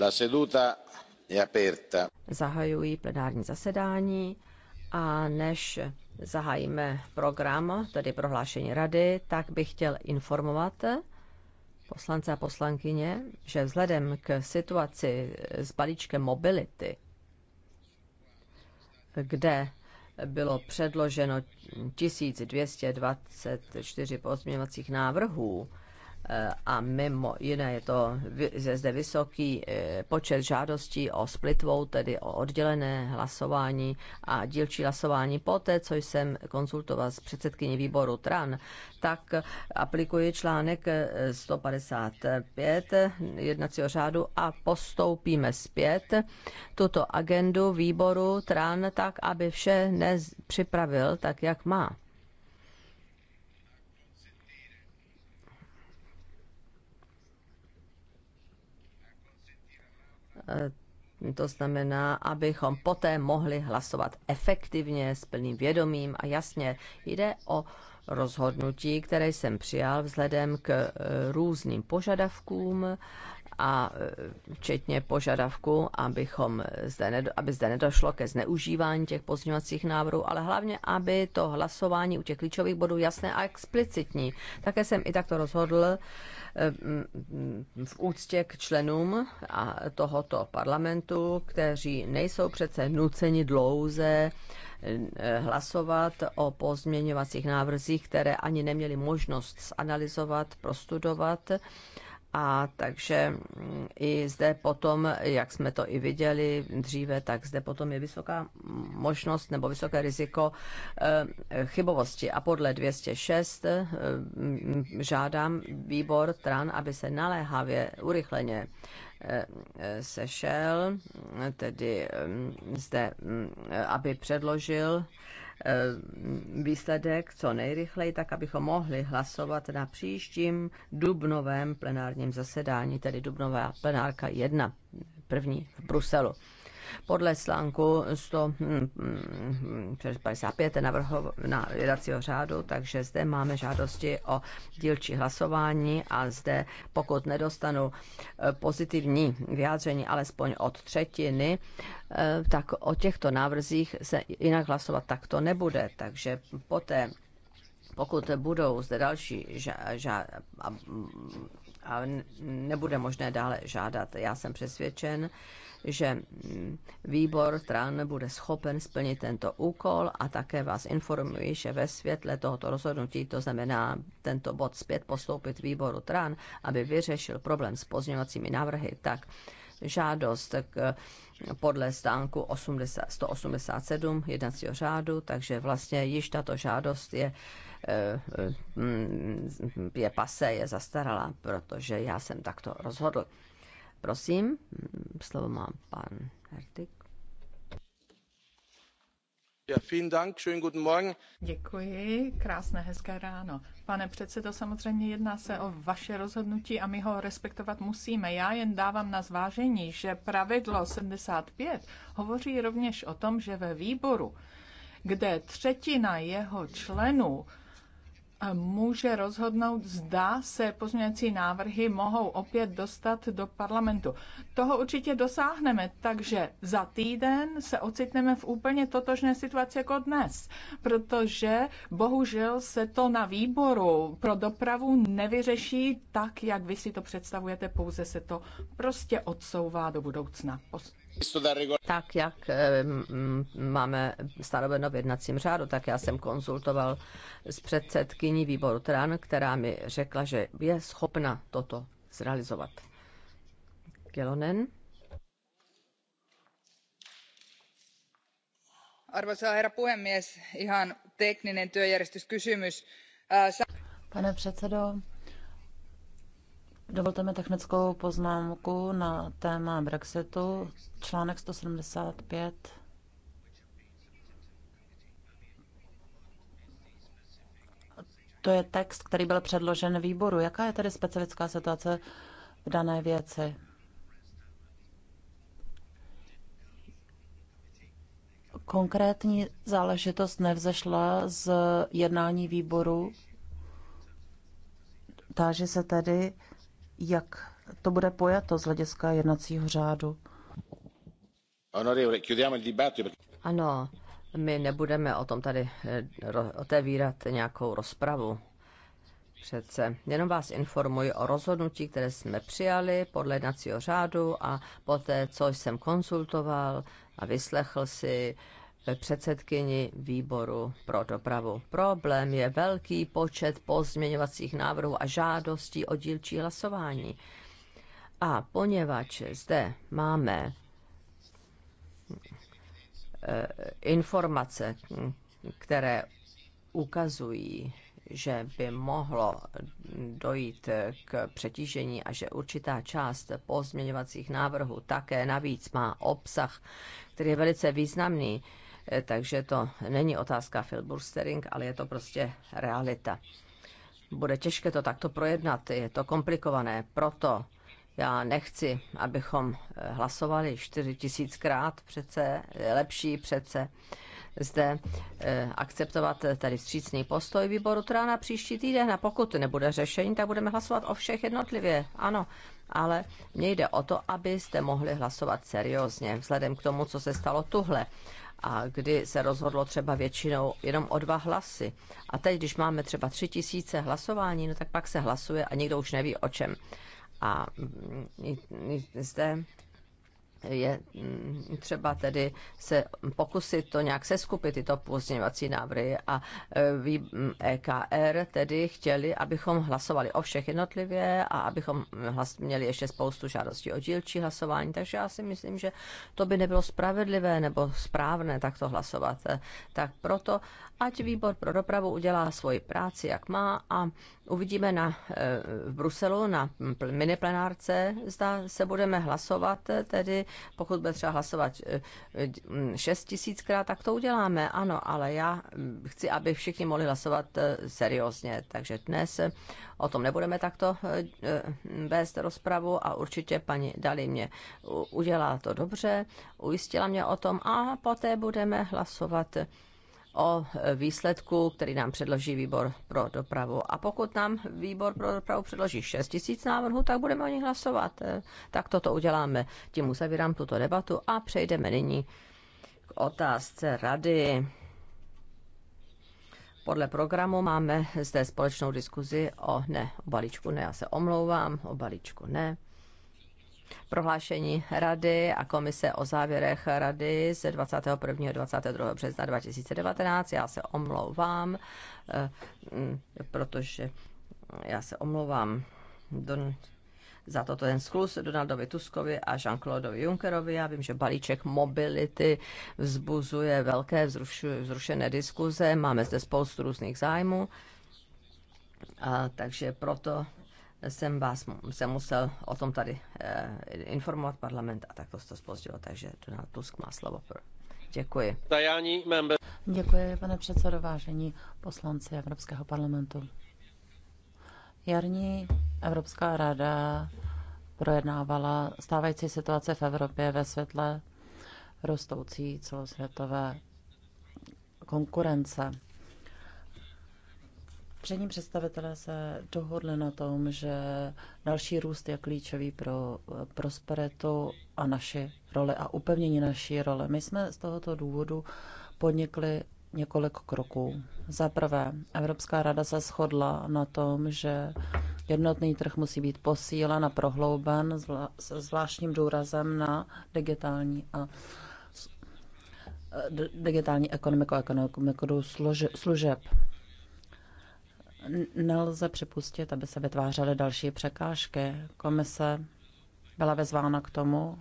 La seduta è aperta. Zahajuji plenární zasedání a než zahájíme program, tedy prohlášení rady, tak bych chtěl informovat poslance a poslankyně, že vzhledem k situaci s balíčkem mobility, kde bylo předloženo 1224 pozměňovacích návrhů, a mimo jiné je to je zde vysoký eh, počet žádostí o splitvou, tedy o oddělené hlasování a dílčí hlasování. Poté, co jsem konzultoval s předsedkyní výboru TRAN, tak aplikuji článek 155 eh, jednacího řádu a postoupíme zpět tuto agendu výboru TRAN tak, aby vše nepřipravil tak, jak má. Eh, to znamená, abychom poté mohli hlasovat efektivně, s plným vědomím a jasně. Jde o rozhodnutí, které jsem přijal vzhledem k eh, různým požadavkům a e, včetně požadavku, abychom zde aby zde nedošlo ke zneužívání těch pozměňovacích návrhů, ale hlavně, aby to hlasování u těch klíčových bodů jasné a explicitní. Také jsem i takto rozhodl e, v úctě k členům tohoto parlamentu, kteří nejsou přece nuceni dlouze e, hlasovat o pozměňovacích návrzích, které ani neměli možnost zanalizovat, prostudovat a takže mm, i zde potom, jak jsme to i viděli dříve, tak zde potom je vysoká možnost nebo vysoké riziko eh, chybovosti. A podle 206 eh, mm, žádám výbor TRAN, aby se naléhavě, urychleně eh, sešel, tedy mm, zde, aby předložil Eh, výsledek co nejrychleji, tak abychom mohli hlasovat na příštím dubnovém plenárním zasedání, tedy dubnová plenárka 1, první v Bruselu podle slánku 155 hm, hm, navrho, na jedacího řádu, takže zde máme žádosti o dílčí hlasování a zde, pokud nedostanu eh, pozitivní vyjádření alespoň od třetiny, eh, tak o těchto návrzích se jinak hlasovat takto nebude. Takže poté pokud budou zde další ža, ža, a nebude možné dále žádat. Já jsem přesvědčen, že výbor TRAN bude schopen splnit tento úkol a také vás informuji, že ve světle tohoto rozhodnutí, to znamená tento bod zpět postoupit výboru TRAN, aby vyřešil problém s pozměňovacími návrhy, tak žádost k, podle stánku 80, 187 jednacího řádu, takže vlastně již tato žádost je Eh, eh, mm, je pase, je zastarala, protože já jsem takto rozhodl. Prosím, mm, slovo má pan Hertik. Děkuji, krásné, hezké ráno. Pane předsedo, samozřejmě jedná se o vaše rozhodnutí a my ho respektovat musíme. Já jen dávám na zvážení, že pravidlo 75 hovoří rovněž o tom, že ve výboru, kde třetina jeho členů může rozhodnout, zda se pozměňovací návrhy mohou opět dostat do parlamentu. Toho určitě dosáhneme, takže za týden se ocitneme v úplně totožné situaci jako dnes, protože bohužel se to na výboru pro dopravu nevyřeší tak, jak vy si to představujete, pouze se to prostě odsouvá do budoucna. Tak, jak eh, máme stanoveno v jednacím řádu, tak já jsem konzultoval s předsedkyní výboru TRAN, která mi řekla, že je schopna toto zrealizovat. Kelonen. Arvoisa herra puhemies, ihan tekninen työjärjestyskysymys. Äh, Pane předsedo, Dovolte mi technickou poznámku na téma Brexitu. Článek 175 To je text, který byl předložen výboru. Jaká je tedy specifická situace v dané věci? Konkrétní záležitost nevzešla z jednání výboru. Táže se tedy, jak to bude pojato z hlediska jednacího řádu. Ano, my nebudeme o tom tady eh, otevírat nějakou rozpravu. Přece jenom vás informuji o rozhodnutí, které jsme přijali podle jednacího řádu a poté, co jsem konsultoval a vyslechl si předsedkyni výboru pro dopravu. Problém je velký počet pozměňovacích návrhů a žádostí o dílčí hlasování. A poněvadž zde máme eh, informace, které ukazují, že by mohlo dojít k přetížení a že určitá část pozměňovacích návrhů také navíc má obsah, který je velice významný, takže to není otázka filbustering, ale je to prostě realita. Bude těžké to takto projednat, je to komplikované, proto já nechci, abychom eh, hlasovali čtyři tisíckrát přece, lepší přece zde eh, akceptovat tady vstřícný postoj výboru teda na příští týden a pokud nebude řešení, tak budeme hlasovat o všech jednotlivě, ano. Ale mně jde o to, abyste mohli hlasovat seriózně, vzhledem k tomu, co se stalo tuhle a kdy se rozhodlo třeba většinou jenom o dva hlasy. A teď, když máme třeba tři tisíce hlasování, no tak pak se hlasuje a nikdo už neví o čem. A mm, zde je mm, třeba tedy se pokusit to nějak seskupit, tyto pozměňovací návrhy. A EKR mm, e tedy chtěli, abychom hlasovali o všech jednotlivě a abychom měli ještě spoustu žádostí o dílčí hlasování. Takže já si myslím, že to by nebylo spravedlivé nebo správné takto hlasovat. E, tak proto, ať výbor pro dopravu udělá svoji práci, jak má a uvidíme na, e, v Bruselu na miniplenárce, zda se budeme hlasovat tedy pokud bude třeba hlasovat 6 eh, eh, tisíckrát, tak to uděláme, ano, ale já mm, chci, aby všichni mohli hlasovat eh, seriózně. Takže dnes o tom nebudeme takto vést rozpravu a určitě paní Dali mě udělá to dobře, ujistila mě o tom a poté budeme hlasovat o výsledku, který nám předloží výbor pro dopravu. A pokud nám výbor pro dopravu předloží 6 tisíc návrhů, tak budeme o nich hlasovat. Tak toto uděláme. Tím uzavírám tuto debatu a přejdeme nyní k otázce rady. Podle programu máme zde společnou diskuzi o ne, o balíčku ne, já se omlouvám, o balíčku ne prohlášení Rady a komise o závěrech Rady z 21. a 22. března 2019. Já se omlouvám, eh, mm, protože já se omlouvám do, za toto ten sklus Donaldovi Tuskovi a Jean-Claude Junckerovi. Já vím, že balíček mobility vzbuzuje velké vzrušu, vzrušené diskuze, máme zde spoustu různých zájmů. A, takže proto jsem vás jsem musel o tom tady eh, informovat parlament a tak to se to spozdilo, takže Donald Tusk má slovo. Děkuji. Děkuji, pane předsedo, vážení poslanci Evropského parlamentu. Jarní Evropská rada projednávala stávající situace v Evropě ve světle rostoucí celosvětové konkurence. Přední představitelé se dohodli na tom, že další růst je klíčový pro eh, prosperitu a naši roli a upevnění naší role. My jsme z tohoto důvodu podnikli několik kroků. Za prvé, Evropská rada se shodla na tom, že jednotný trh musí být posílen a prohlouben s zvláštním důrazem na digitální a eh, digitální ekonomiku a ekonomiku služeb nelze připustit, aby se vytvářely další překážky. Komise byla vezvána k tomu,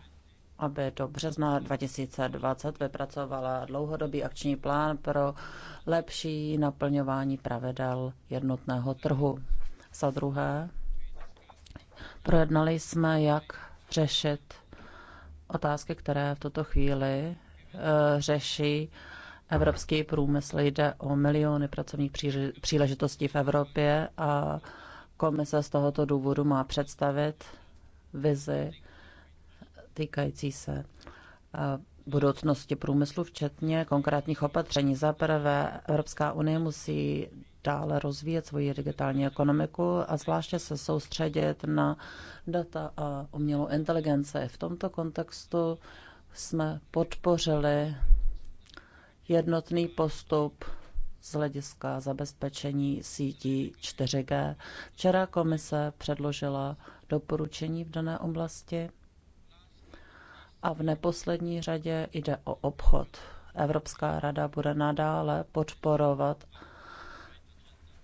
aby do března 2020 vypracovala dlouhodobý akční plán pro lepší naplňování pravidel jednotného trhu. Za druhé, projednali jsme, jak řešit otázky, které v tuto chvíli eh, řeší evropský průmysl. Jde o miliony pracovních příležitostí v Evropě a komise z tohoto důvodu má představit vizi týkající se eh, budoucnosti průmyslu, včetně konkrétních opatření. Za prvé, Evropská unie musí dále rozvíjet svoji digitální ekonomiku a zvláště se soustředit na data a umělou inteligenci. V tomto kontextu jsme podpořili jednotný postup z hlediska zabezpečení sítí 4G. Včera komise předložila doporučení v dané oblasti a v neposlední řadě jde o obchod. Evropská rada bude nadále podporovat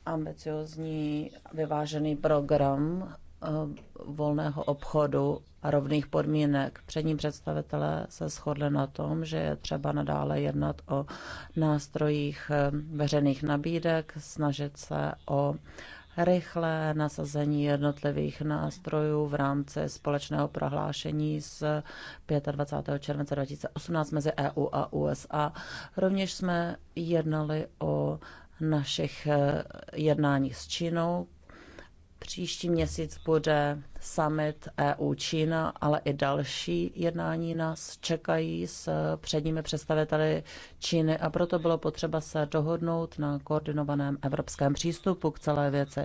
ambiciozní vyvážený program Eh, volného obchodu a rovných podmínek. Přední představitelé se shodli na tom, že je třeba nadále jednat o nástrojích eh, veřejných nabídek, snažit se o rychlé nasazení jednotlivých nástrojů v rámci společného prohlášení z 25. července 2018 mezi EU a USA. Rovněž jsme jednali o našich eh, jednáních s Čínou, Příští měsíc bude summit EU-Čína, ale i další jednání nás čekají s předními představiteli Číny a proto bylo potřeba se dohodnout na koordinovaném evropském přístupu k celé věci.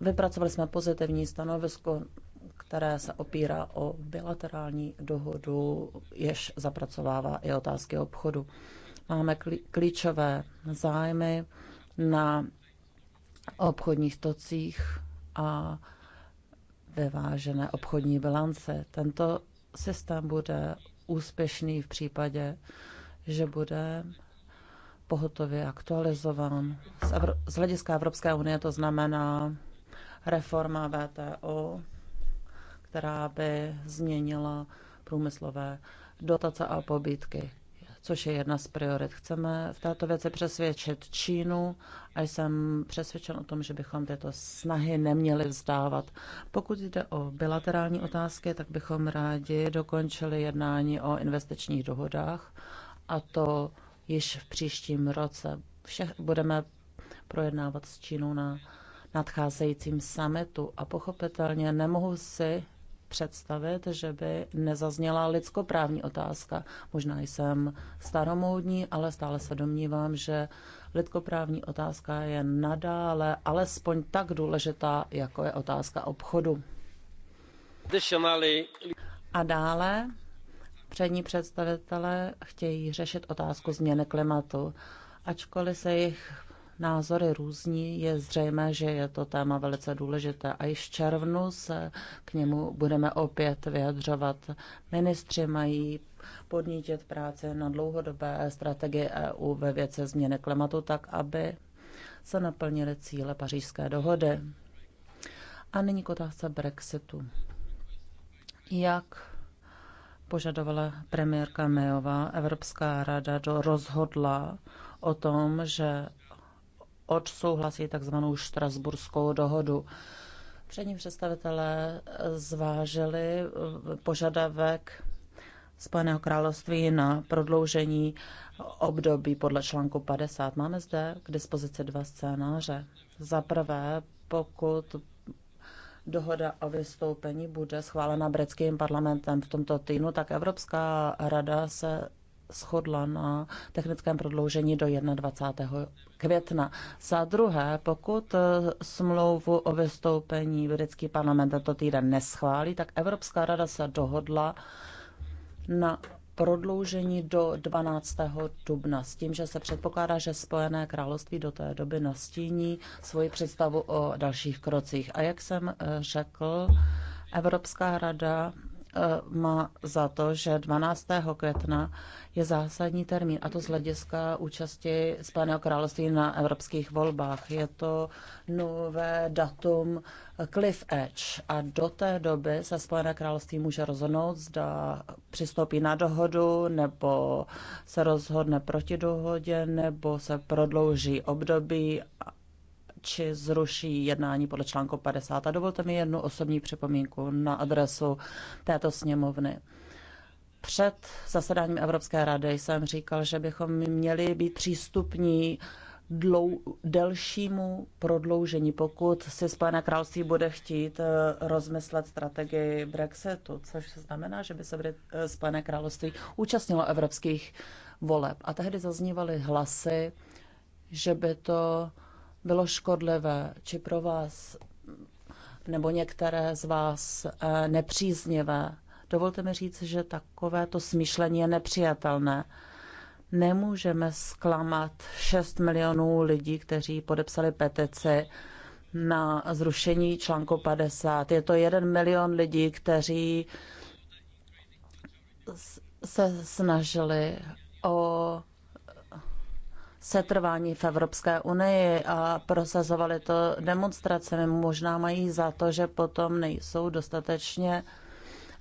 Vypracovali jsme pozitivní stanovisko, které se opírá o bilaterální dohodu, jež zapracovává i otázky obchodu. Máme klíčové zájmy na obchodních tocích a vyvážené obchodní bilance. Tento systém bude úspěšný v případě, že bude pohotově aktualizován. Z, Evro- z hlediska Evropské unie to znamená reforma VTO, která by změnila průmyslové dotace a pobídky což je jedna z priorit. Chceme v této věci přesvědčit Čínu a jsem přesvědčen o tom, že bychom tyto snahy neměli vzdávat. Pokud jde o bilaterální otázky, tak bychom rádi dokončili jednání o investičních dohodách a to již v příštím roce. Všech budeme projednávat s Čínou na nadcházejícím summitu a pochopitelně nemohu si představit, že by nezazněla lidskoprávní otázka. Možná jsem staromoudní, ale stále se domnívám, že lidskoprávní otázka je nadále alespoň tak důležitá, jako je otázka obchodu. A dále přední představitelé chtějí řešit otázku změny klimatu. Ačkoliv se jich názory různí, je zřejmé, že je to téma velice důležité. A již v červnu se k němu budeme opět vyjadřovat. Ministři mají podnítit práce na dlouhodobé strategii EU ve věci změny klimatu tak, aby se naplnily cíle pařížské dohody. A nyní k otázce Brexitu. Jak požadovala premiérka Mayová, Evropská rada rozhodla o tom, že odsouhlasí takzvanou Štrasburskou dohodu. Přední představitelé zvážili eh, požadavek Spojeného království na prodloužení období podle článku 50. Máme zde k dispozici dva scénáře. Za prvé, pokud dohoda o vystoupení bude schválena britským parlamentem v tomto týdnu, tak Evropská rada se shodla na technickém prodloužení do 21. května. Za druhé, pokud eh, smlouvu o vystoupení britský parlament tento týden neschválí, tak Evropská rada se dohodla na prodloužení do 12. dubna s tím, že se předpokládá, že Spojené království do té doby nastíní svoji představu o dalších krocích. A jak jsem eh, řekl, Evropská rada Eh, má za to, že 12. května je zásadní termín, a to z hlediska účasti Spojeného království na evropských volbách. Je to nové datum Cliff Edge a do té doby se Spojené království může rozhodnout, zda přistoupí na dohodu, nebo se rozhodne proti dohodě, nebo se prodlouží období či zruší jednání podle článku 50. A dovolte mi jednu osobní připomínku na adresu této sněmovny. Před zasedáním Evropské rady jsem říkal, že bychom měli být přístupní dlou, delšímu prodloužení, pokud si Spojené království bude chtít eh, rozmyslet strategii Brexitu, což znamená, že by se eh, Spojené království účastnilo evropských voleb. A tehdy zaznívaly hlasy, že by to bylo škodlivé, či pro vás nebo některé z vás eh, nepříznivé. Dovolte mi říct, že takovéto smýšlení je nepřijatelné. Nemůžeme zklamat 6 milionů lidí, kteří podepsali petici na zrušení článku 50. Je to jeden milion lidí, kteří se snažili o setrvání v Evropské unii a prosazovali to demonstracemi. Možná mají za to, že potom nejsou dostatečně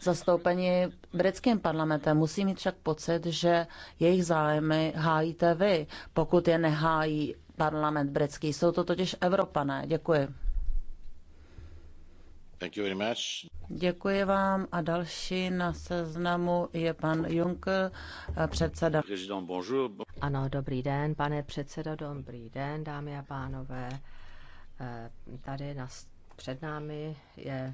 zastoupeni britským parlamentem. Musí mít však pocit, že jejich zájmy hájíte vy, pokud je nehájí parlament britský. Jsou to totiž Evropané. Děkuji. Děkuji vám a další na seznamu je pan Juncker, eh, předseda. Ano, dobrý den, pane předsedo, dobrý den, dámy a pánové. Eh, tady na, před námi je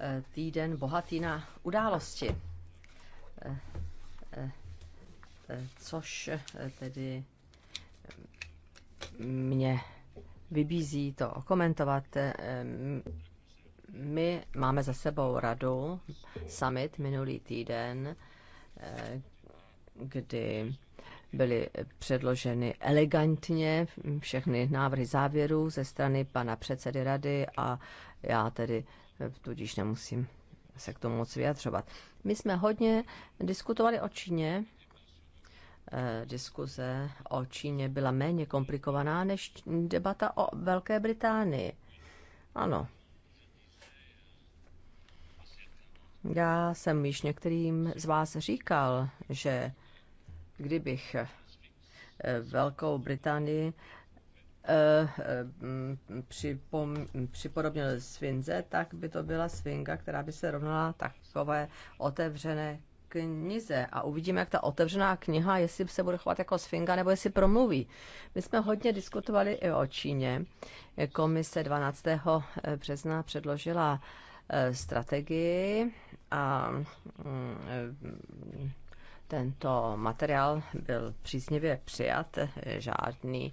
eh, týden bohatý na události, což tedy mě vybízí to komentovat my máme za sebou radu, summit minulý týden, eh, kdy byly předloženy elegantně všechny návrhy závěrů ze strany pana předsedy rady a já tedy eh, tudíž nemusím se k tomu moc vyjadřovat. My jsme hodně diskutovali o Číně. Eh, diskuze o Číně byla méně komplikovaná než debata o Velké Británii. Ano, Já jsem již některým z vás říkal, že kdybych eh, Velkou Británii eh, eh, připom, připodobnil svinze, tak by to byla svinga, která by se rovnala takové otevřené knize a uvidíme, jak ta otevřená kniha, jestli se bude chovat jako svinga, nebo jestli promluví. My jsme hodně diskutovali i o Číně. Komise 12. března předložila strategii a mm, tento materiál byl příznivě přijat. Žádný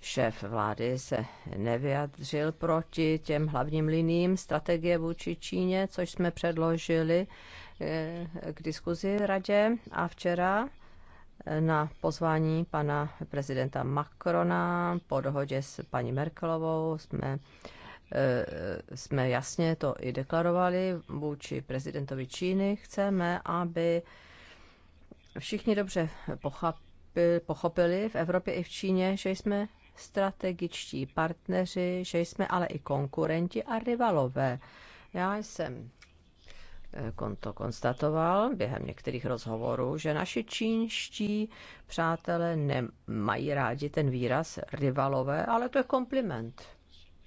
šéf vlády se nevyjadřil proti těm hlavním liním strategie vůči Číně, což jsme předložili eh, k diskuzi radě a včera eh, na pozvání pana prezidenta Macrona po dohodě s paní Merkelovou jsme Eh, jsme jasně to i deklarovali vůči prezidentovi Číny. Chceme, aby všichni dobře pochopili v Evropě i v Číně, že jsme strategičtí partneři, že jsme ale i konkurenti a rivalové. Já jsem eh, to konstatoval během některých rozhovorů, že naši čínští přátelé nemají rádi ten výraz rivalové, ale to je kompliment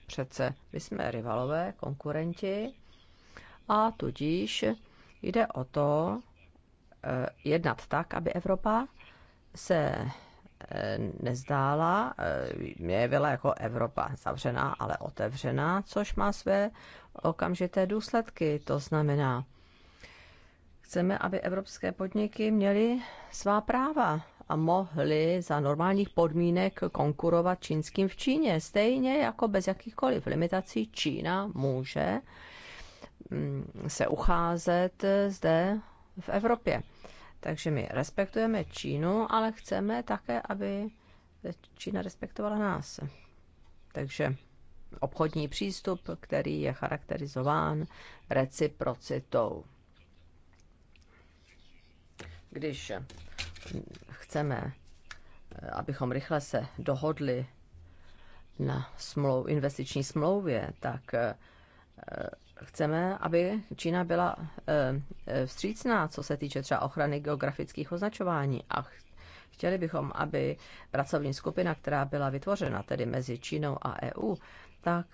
Přece my jsme rivalové, konkurenti a tudíž jde o to eh, jednat tak, aby Evropa se eh, nezdála, mě eh, byla jako Evropa zavřená, ale otevřená, což má své okamžité důsledky. To znamená, chceme, aby evropské podniky měly svá práva, mohli za normálních podmínek konkurovat čínským v Číně. Stejně jako bez jakýchkoliv limitací Čína může mm, se ucházet zde v Evropě. Takže my respektujeme Čínu, ale chceme také, aby Čína respektovala nás. Takže obchodní přístup, který je charakterizován reciprocitou. Když chceme, abychom rychle se dohodli na smlou, investiční smlouvě, tak eh, chceme, aby Čína byla eh, eh, vstřícná, co se týče třeba ochrany geografických označování a chtěli bychom, aby pracovní skupina, která byla vytvořena tedy mezi Čínou a EU, tak,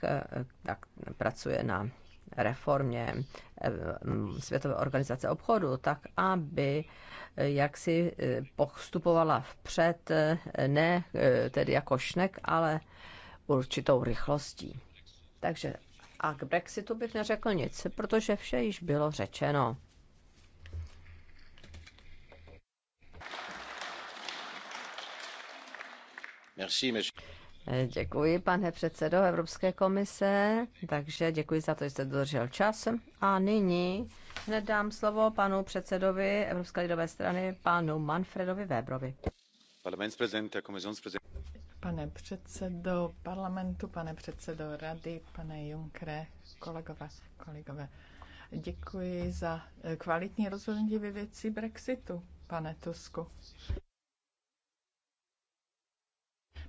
tak pracuje na reformě eh, mm, Světové organizace obchodu, tak aby eh, jak si eh, postupovala vpřed, ne tedy jako šnek, ale určitou rychlostí. Takže a k Brexitu bych neřekl nic, protože vše již bylo řečeno. Merci, Eh, děkuji, pane předsedo Evropské komise, takže děkuji za to, že jste dodržel čas. A nyní hned dám slovo panu předsedovi Evropské lidové strany, panu Manfredovi Weberovi. Pane předsedo parlamentu, pane předsedo rady, pane Junkre, kolegové, kolegové. Děkuji za kvalitní rozhodnutí ve věci Brexitu, pane Tusku.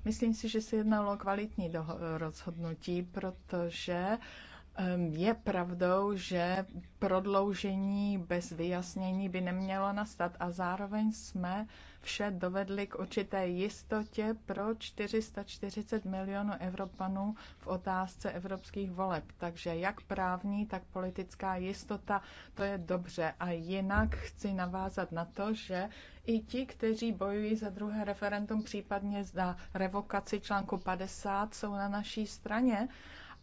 Myslím si, že se jednalo o kvalitní rozhodnutí, protože je pravdou, že prodloužení bez vyjasnění by nemělo nastat a zároveň jsme vše dovedli k určité jistotě pro 440 milionů Evropanů v otázce evropských voleb. Takže jak právní, tak politická jistota, to je dobře. A jinak chci navázat na to, že i ti, kteří bojují za druhé referendum, případně za revokaci článku 50, jsou na naší straně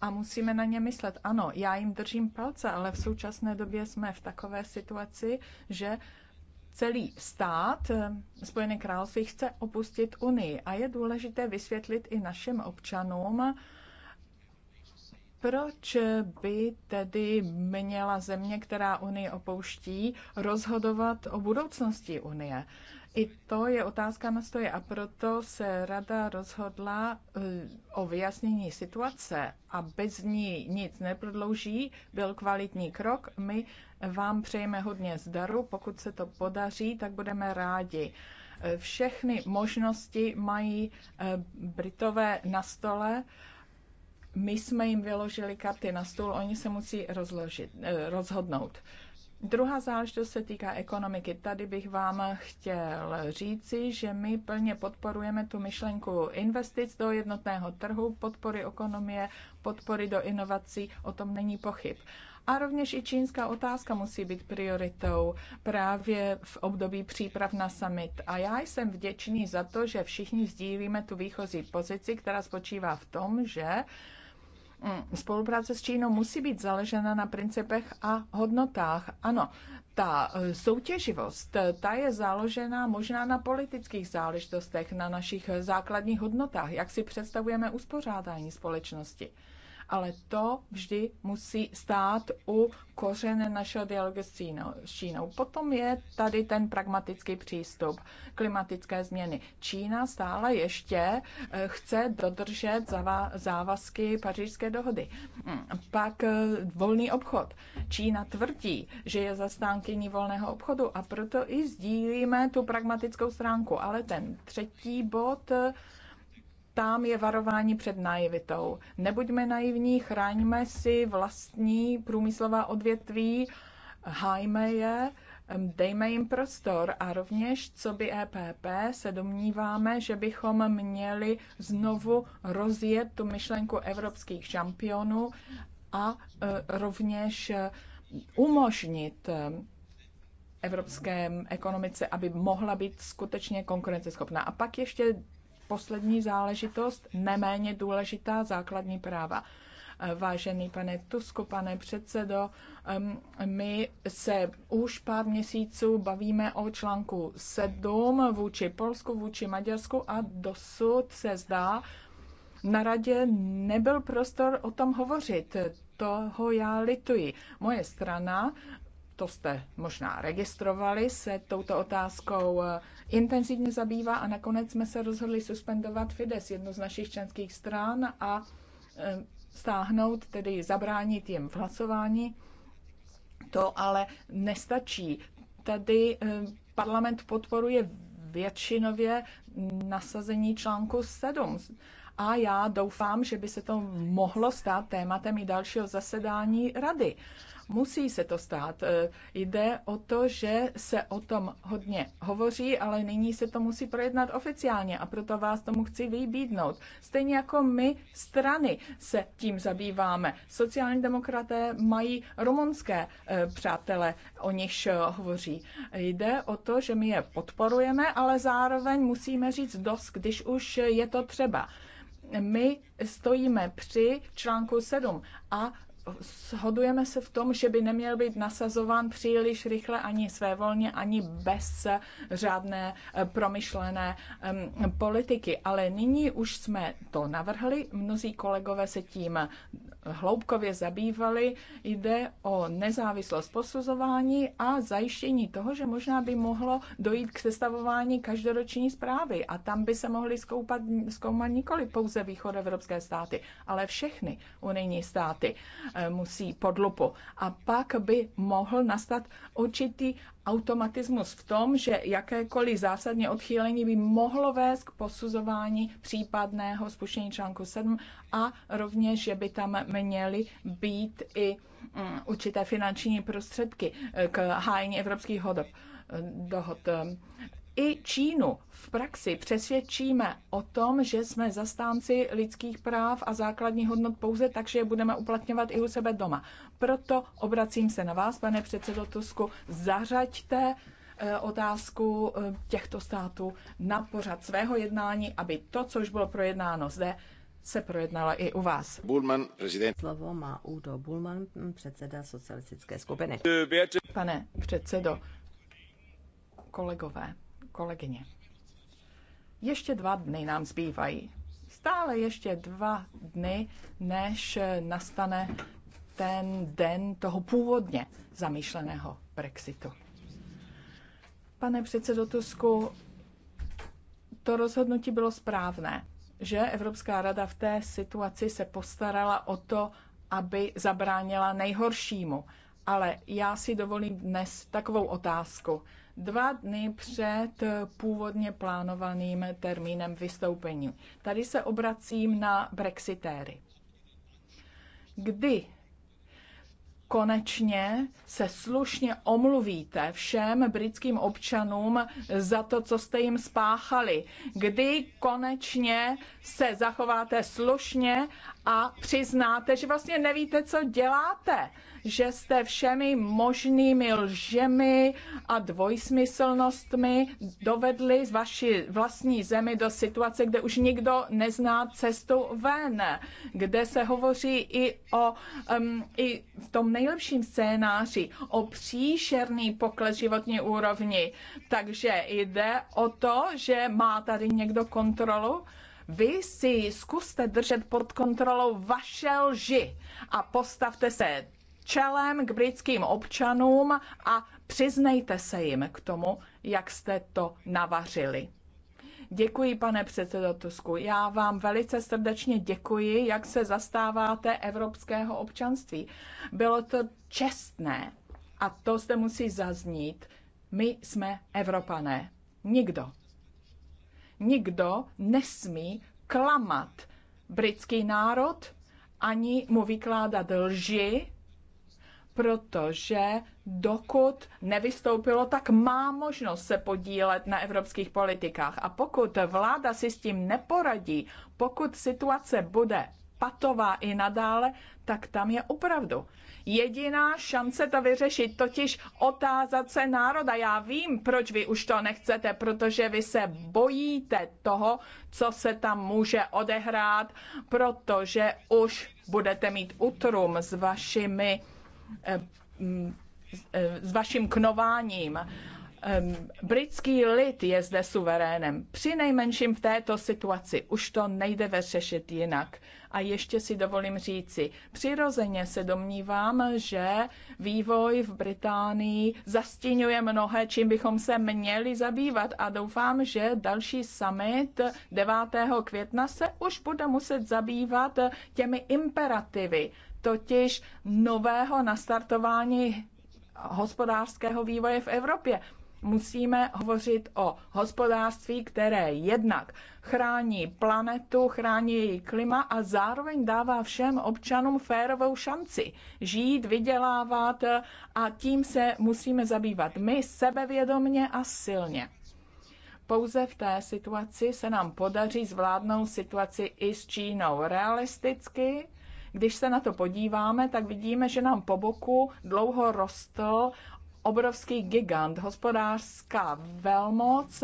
a musíme na ně myslet. Ano, já jim držím palce, ale v současné době jsme v takové situaci, že celý stát eh, Spojené království chce opustit Unii a je důležité vysvětlit i našim občanům, proč by tedy měla země, která Unii opouští, rozhodovat o budoucnosti Unie? I to je otázka na stoje a proto se rada rozhodla eh, o vyjasnění situace a bez ní nic neprodlouží. Byl kvalitní krok. My vám přejeme hodně zdaru. Pokud se to podaří, tak budeme rádi. Eh, všechny možnosti mají eh, Britové na stole my jsme jim vyložili karty na stůl, oni se musí rozložit, rozhodnout. Druhá záležitost se týká ekonomiky. Tady bych vám chtěl říci, že my plně podporujeme tu myšlenku investic do jednotného trhu, podpory ekonomie, podpory do inovací, o tom není pochyb. A rovněž i čínská otázka musí být prioritou právě v období příprav na summit. A já jsem vděčný za to, že všichni sdílíme tu výchozí pozici, která spočívá v tom, že Mm. spolupráce s Čínou musí být založena na principech a hodnotách. Ano, ta eh, soutěživost, ta je založena možná na politických záležitostech, na našich eh, základních hodnotách, jak si představujeme uspořádání společnosti ale to vždy musí stát u kořene našeho dialogu s Čínou. Potom je tady ten pragmatický přístup klimatické změny. Čína stále ještě eh, chce dodržet závazky pařížské dohody. Pak eh, volný obchod. Čína tvrdí, že je zastánkyní volného obchodu a proto i sdílíme tu pragmatickou stránku. Ale ten třetí bod eh, tam je varování před naivitou. Nebuďme naivní, chraňme si vlastní průmyslová odvětví, hájme je, dejme jim prostor a rovněž, co by EPP, se domníváme, že bychom měli znovu rozjet tu myšlenku evropských šampionů a e, rovněž e, umožnit e, evropské ekonomice, aby mohla být skutečně konkurenceschopná. A pak ještě poslední záležitost, neméně důležitá základní práva. Vážený pane Tusku, pane předsedo, my se už pár měsíců bavíme o článku 7 vůči Polsku, vůči Maďarsku a dosud se zdá, na radě nebyl prostor o tom hovořit. Toho já lituji. Moje strana to jste možná registrovali, se touto otázkou eh, intenzivně zabývá a nakonec jsme se rozhodli suspendovat Fides, jednu z našich členských stran a eh, stáhnout, tedy zabránit jim v hlasování. To ale nestačí. Tady eh, parlament podporuje většinově nasazení článku 7. A já doufám, že by se to mohlo stát tématem i dalšího zasedání rady. Musí se to stát. E, jde o to, že se o tom hodně hovoří, ale nyní se to musí projednat oficiálně a proto vás tomu chci vybídnout. Stejně jako my strany se tím zabýváme. Sociální demokraté mají rumunské e, přátele, o nichž e, hovoří. Jde o to, že my je podporujeme, ale zároveň musíme říct dost, když už je to třeba my stojíme při článku 7 a shodujeme se v tom, že by neměl být nasazován příliš rychle ani svévolně, ani bez řádné eh, promyšlené politiky. Ale nyní už jsme to navrhli, mnozí kolegové se tím hloubkově zabývali. Jde o nezávislost posuzování a zajištění toho, že možná by mohlo dojít k sestavování každoroční zprávy a tam by se mohly zkoumat nikoli pouze evropské státy, ale všechny unijní státy Eh, musí pod lupu. A pak by mohl nastat určitý automatismus v tom, že jakékoliv zásadně odchýlení by mohlo vést k posuzování případného spuštění článku 7 a rovněž, že by tam měly být i mm, určité finanční prostředky eh, k hájení evropských hodob eh, dohod i Čínu v praxi přesvědčíme o tom, že jsme zastánci lidských práv a základních hodnot pouze tak, že je budeme uplatňovat i u sebe doma. Proto obracím se na vás, pane předsedo Tusku, zařaďte eh, otázku eh, těchto států na pořad svého jednání, aby to, co už bylo projednáno zde, se projednala i u vás. Bulman, prezident. Slovo má Udo Bulman, mm, předseda socialistické skupiny. Pane předsedo, kolegové, kolegyně. Ještě dva dny nám zbývají. Stále ještě dva dny, než nastane ten den toho původně zamýšleného Brexitu. Pane předsedo Tusku, to rozhodnutí bylo správné, že Evropská rada v té situaci se postarala o to, aby zabránila nejhoršímu. Ale já si dovolím dnes takovou otázku dva dny před původně plánovaným termínem vystoupení. Tady se obracím na brexitéry. Kdy konečně se slušně omluvíte všem britským občanům za to, co jste jim spáchali. Kdy konečně se zachováte slušně a přiznáte, že vlastně nevíte, co děláte, že jste všemi možnými lžemi a dvojsmyslnostmi dovedli z vaší vlastní zemi do situace, kde už nikdo nezná cestu ven, kde se hovoří i o um, i v tom nejlepším scénáři o příšerný pokles životní úrovni. Takže jde o to, že má tady někdo kontrolu, vy si zkuste držet pod kontrolou vaše lži a postavte se čelem k britským občanům a přiznejte se jim k tomu, jak jste to navařili. Děkuji, pane předsedo Tusku. Já vám velice srdečně děkuji, jak se zastáváte evropského občanství. Bylo to čestné a to zde musí zaznít. My jsme Evropané. Nikdo nikdo nesmí klamat britský národ ani mu vykládat lži, protože dokud nevystoupilo, tak má možnost se podílet na evropských politikách. A pokud vláda si s tím neporadí, pokud situace bude patová i nadále, tak tam je opravdu jediná šance to vyřešit, totiž otázat se národa. Já vím, proč vy už to nechcete, protože vy se bojíte toho, co se tam může odehrát, protože už budete mít utrum s vašimi eh, eh, s vaším knováním britský lid je zde suverénem. Při nejmenším v této situaci už to nejde vyřešit jinak. A ještě si dovolím říci, přirozeně se domnívám, že vývoj v Británii zastínuje mnohé, čím bychom se měli zabývat a doufám, že další summit 9. května se už bude muset zabývat těmi imperativy, totiž nového nastartování hospodářského vývoje v Evropě musíme hovořit o hospodářství, které jednak chrání planetu, chrání její klima a zároveň dává všem občanům férovou šanci žít, vydělávat a tím se musíme zabývat my sebevědomně a silně. Pouze v té situaci se nám podaří zvládnout situaci i s Čínou realisticky, když se na to podíváme, tak vidíme, že nám po boku dlouho rostl obrovský gigant, hospodářská velmoc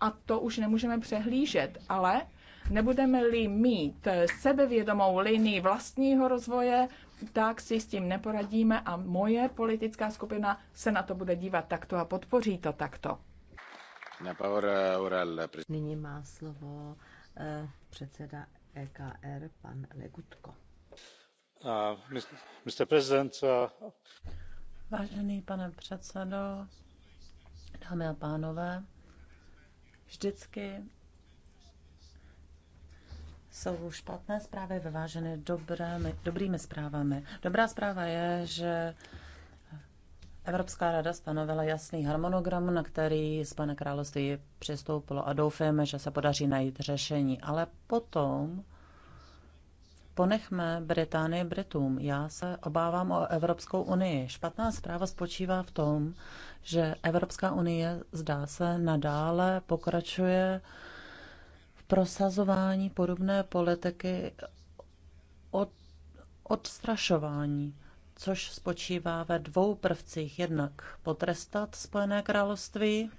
a to už nemůžeme přehlížet, ale nebudeme-li mít sebevědomou linii vlastního rozvoje, tak si s tím neporadíme a moje politická skupina se na to bude dívat takto a podpoří to takto. Nyní má slovo eh, předseda EKR, pan Legutko. Uh, Mr. President, uh... Vážený pane předsedo, dámy a pánové, vždycky jsou špatné zprávy vyváženy dobrými, dobrými zprávami. Dobrá zpráva je, že Evropská rada stanovila jasný harmonogram, na který z pana království přistoupilo a doufáme, že se podaří najít řešení. Ale potom Ponechme Británii Britům. Já se obávám o Evropskou unii. Špatná zpráva spočívá v tom, že Evropská unie zdá se nadále pokračuje v prosazování podobné politiky od, odstrašování což spočívá ve dvou prvcích. Jednak potrestat Spojené království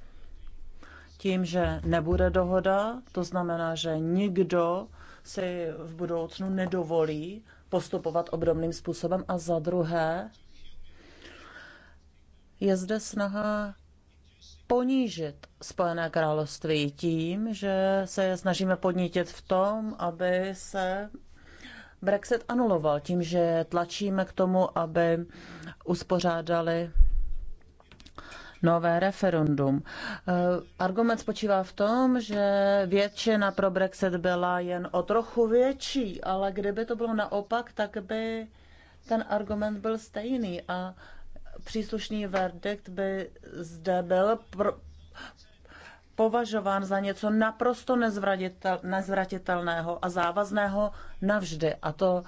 tím, že nebude dohoda, to znamená, že nikdo si v budoucnu nedovolí postupovat obdobným způsobem. A za druhé, je zde snaha ponížit Spojené království tím, že se je snažíme podnítit v tom, aby se Brexit anuloval, tím, že tlačíme k tomu, aby uspořádali nové referendum. Eh, argument spočívá v tom, že většina pro Brexit byla jen o trochu větší, ale kdyby to bylo naopak, tak by ten argument byl stejný a příslušný verdikt by zde byl pro, považován za něco naprosto nezvratitel, nezvratitelného a závazného navždy. A to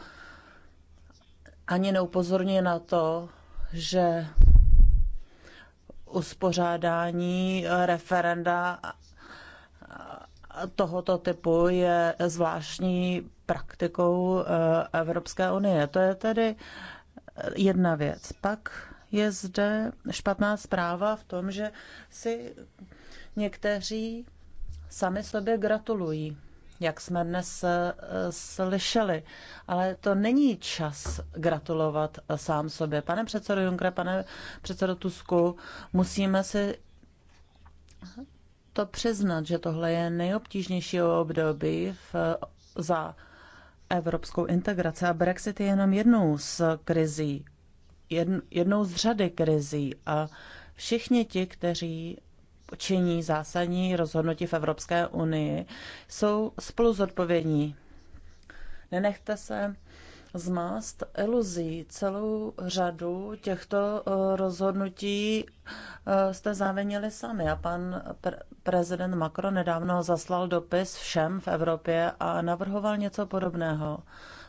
ani neupozorňuje na to, že uspořádání eh, referenda tohoto typu je zvláštní praktikou eh, Evropské unie. To je tedy eh, jedna věc. Pak je zde špatná zpráva v tom, že si někteří sami sobě gratulují jak jsme dnes eh, slyšeli. Ale to není čas gratulovat eh, sám sobě. Pane předsedo Junkre, pane předsedo Tusku, musíme si to přiznat, že tohle je nejobtížnější období v, za evropskou integraci a Brexit je jenom jednou z krizí, jednou z řady krizí a všichni ti, kteří činí zásadní rozhodnutí v Evropské unii, jsou spolu zodpovědní. Nenechte se zmást iluzí. Celou řadu těchto eh, rozhodnutí eh, jste zavinili sami a pan pre- prezident Macron nedávno zaslal dopis všem v Evropě a navrhoval něco podobného.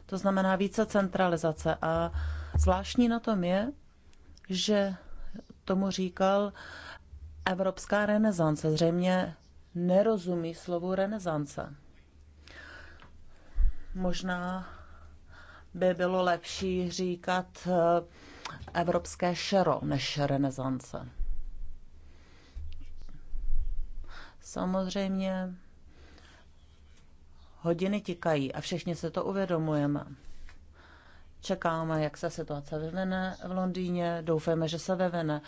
To znamená více centralizace a zvláštní na tom je, že tomu říkal uh, Evropská renesance zřejmě nerozumí slovu renesance. Možná by bylo lepší říkat eh, evropské šero než renesance. Samozřejmě hodiny tikají a všichni se to uvědomujeme. Čekáme, jak se situace vyvine v Londýně, doufáme, že se vyvine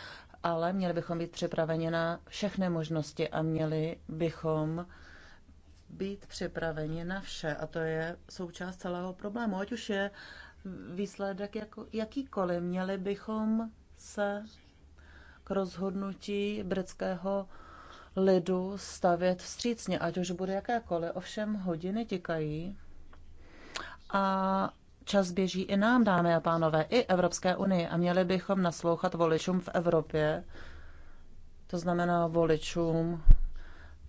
ale měli bychom být připraveni na všechny možnosti a měli bychom být připraveni na vše. A to je součást celého problému. Ať už je výsledek jako, jakýkoliv, měli bychom se k rozhodnutí britského lidu stavět vstřícně, ať už bude jakékoliv. Ovšem hodiny tikají a Čas běží i nám, dámy a pánové, i Evropské unii a měli bychom naslouchat voličům v Evropě, to znamená voličům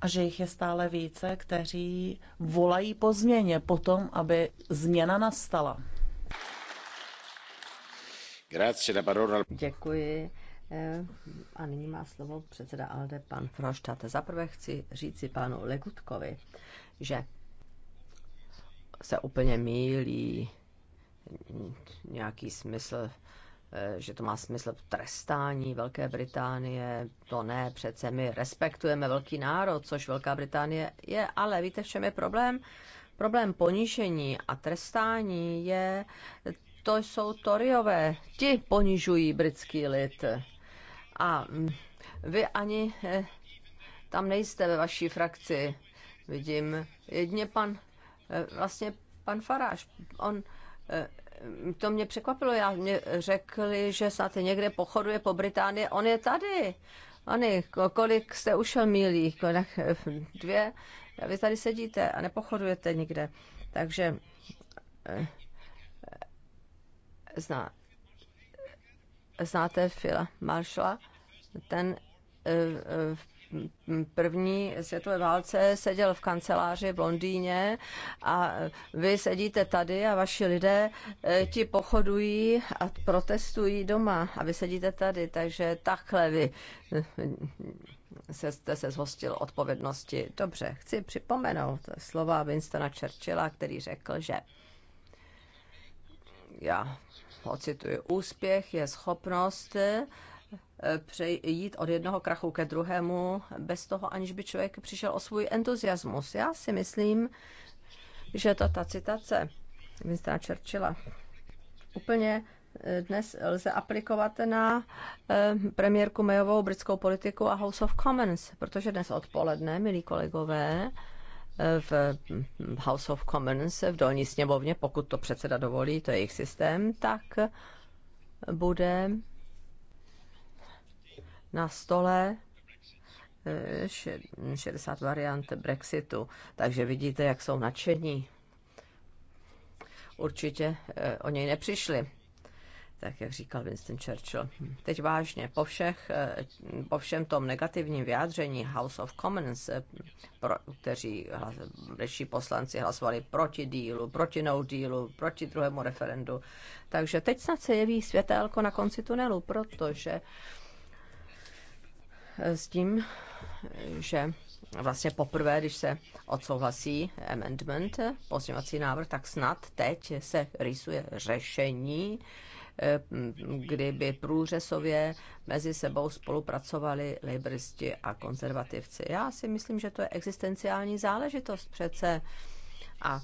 a že jich je stále více, kteří volají po změně, potom, aby změna nastala. Děkuji. Eh, a nyní má slovo předseda ALDE, pan Froštat. Zaprvé chci říci panu Legutkovi, že se úplně mílí, nějaký smysl, eh, že to má smysl trestání Velké Británie. To ne, přece my respektujeme velký národ, což Velká Británie je, ale víte, v čem je problém? Problém ponížení a trestání je, to jsou Toriové. Ti ponižují britský lid. A mm, vy ani eh, tam nejste ve vaší frakci, vidím. Jedně pan, eh, vlastně pan Faráš, on to mě překvapilo. Já mě řekli, že snad někde pochoduje po Británii. On je tady. Ani, kolik jste ušel milí? Dvě? A vy tady sedíte a nepochodujete nikde. Takže eh, zná, znáte Phila Marshalla? Ten eh, v první světové válce seděl v kanceláři v Londýně a vy sedíte tady a vaši lidé eh, ti pochodují a protestují doma a vy sedíte tady, takže takhle vy eh, se, jste se zhostil odpovědnosti. Dobře, chci připomenout slova Winstona Churchilla, který řekl, že já ocituji, úspěch je schopnost Eh, jít od jednoho krachu ke druhému, bez toho, aniž by člověk přišel o svůj entuziasmus. Já si myslím, že to ta citace Winstona Churchilla úplně eh, dnes lze aplikovat na eh, premiérku Mayovou britskou politiku a House of Commons, protože dnes odpoledne, milí kolegové, v hm, House of Commons, v dolní sněmovně, pokud to předseda dovolí, to je jejich systém, tak bude na stole 60 eh, variant Brexitu. Takže vidíte, jak jsou nadšení. Určitě eh, o něj nepřišli tak jak říkal Winston Churchill. Teď vážně, po, všech, eh, po všem tom negativním vyjádření House of Commons, pro, kteří brečí poslanci hlasovali proti dílu, proti no dílu, proti druhému referendu, takže teď snad se jeví světelko na konci tunelu, protože s tím, že vlastně poprvé, když se odsouhlasí amendment, pozměňovací návrh, tak snad teď se rýsuje řešení, eh, kdyby průřezově mezi sebou spolupracovali laboristi a konzervativci. Já si myslím, že to je existenciální záležitost přece. A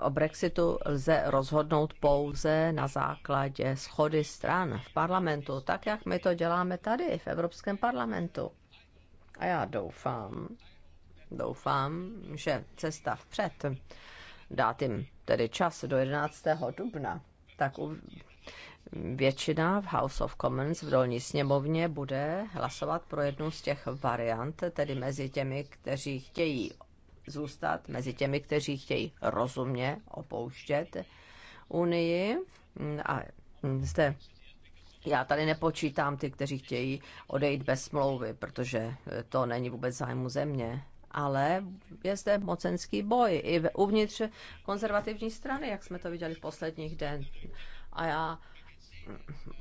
o Brexitu lze rozhodnout pouze na základě schody stran v parlamentu, tak jak my to děláme tady v Evropském parlamentu. A já doufám, doufám, že cesta vpřed dát jim tedy čas do 11. dubna, tak u... většina v House of Commons v dolní sněmovně bude hlasovat pro jednu z těch variant, tedy mezi těmi, kteří chtějí zůstat mezi těmi, kteří chtějí rozumně opouštět Unii. A zde já tady nepočítám ty, kteří chtějí odejít bez smlouvy, protože to není vůbec zájmu země. Ale je zde mocenský boj i uvnitř konzervativní strany, jak jsme to viděli v posledních den. A já